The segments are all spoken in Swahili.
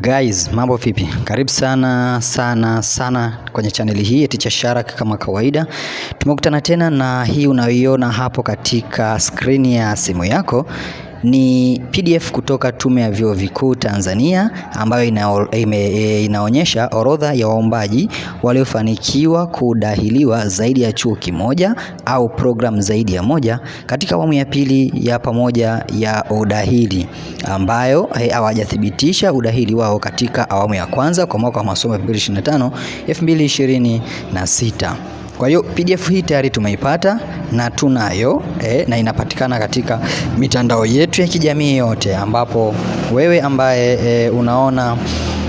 Guys, mambo vipi? Karibu sana sana sana kwenye chaneli hii ya Teacher Sharak. Kama kawaida, tumekutana tena na hii unayoiona hapo katika skrini ya simu yako ni PDF kutoka Tume ya Vyuo Vikuu Tanzania ambayo ina, e, inaonyesha orodha ya waombaji waliofanikiwa kudahiliwa zaidi ya chuo kimoja au program zaidi ya moja katika awamu ya pili ya pamoja ya udahili ambayo e, hawajathibitisha udahili wao katika awamu ya kwanza kwa mwaka wa masomo 2025 2026. Kwa hiyo PDF hii tayari tumeipata na tunayo eh, na inapatikana katika mitandao yetu ya kijamii yote, ambapo wewe ambaye eh, unaona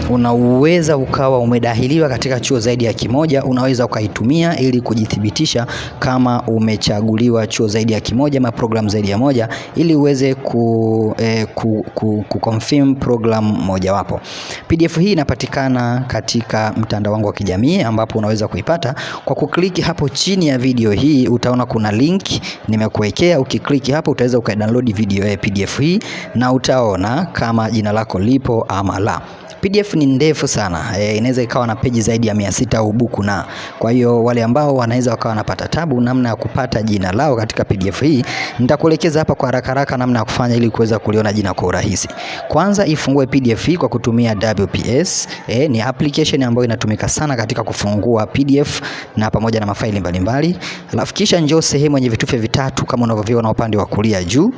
unaweza ukawa umedahiliwa katika chuo zaidi ya kimoja, unaweza ukaitumia ili kujithibitisha kama umechaguliwa chuo zaidi ya kimoja ama program zaidi ya moja, ili uweze ku, eh, ku, ku, ku confirm program mojawapo. PDF hii inapatikana katika mtandao wangu wa kijamii ambapo unaweza kuipata kwa kukliki hapo chini ya video hii, utaona kuna link nimekuwekea. Ukikliki hapo utaweza ukadownload video ya PDF hii na utaona kama jina lako lipo ama la. PDF ni ndefu sana e, inaweza ikawa na peji zaidi ya mia sita au buku, na kwa hiyo wale ambao wanaweza wakawa wanapata tabu namna ya kupata jina lao katika PDF hii, nitakuelekeza hapa kwa haraka haraka namna ya kufanya ili kuweza kuliona jina kwa urahisi. Kwanza ifungue PDF hii kwa kutumia WPS e, ni application ambayo inatumika sana katika kufungua PDF na pamoja na mafaili mbalimbali, alafu kisha njoo sehemu yenye vitufe vitatu kama unavyoviona upande wa kulia juu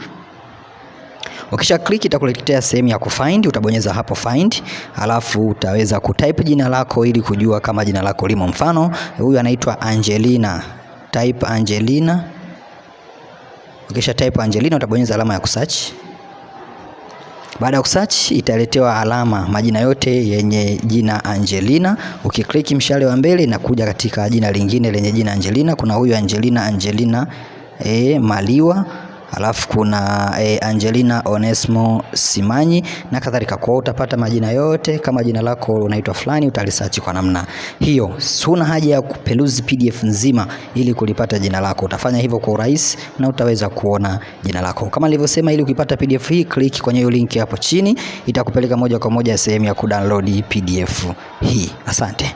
Ukisha click itakuletea sehemu ya kufind, utabonyeza hapo find, alafu utaweza kutype jina lako ili kujua kama jina lako limo. Mfano huyu anaitwa Angelina, type Angelina. Ukisha type Angelina utabonyeza alama ya kusearch. Baada ya kusearch italetewa alama majina yote yenye jina Angelina. Ukiklik mshale wa mbele inakuja katika jina lingine lenye jina Angelina. Kuna huyu Angelina Angelina e, Maliwa alafu kuna e, Angelina Onesmo Simanyi na kadhalika. Kwa utapata majina yote, kama jina lako unaitwa fulani, utalisearch kwa namna hiyo. Suna haja ya kupeluzi PDF nzima ili kulipata jina lako, utafanya hivyo kwa urahisi na utaweza kuona jina lako kama nilivyosema. Ili ukipata PDF hii, click kwenye hiyo link hapo chini, itakupeleka moja kwa moja sehemu ya kudownload PDF hii. Asante.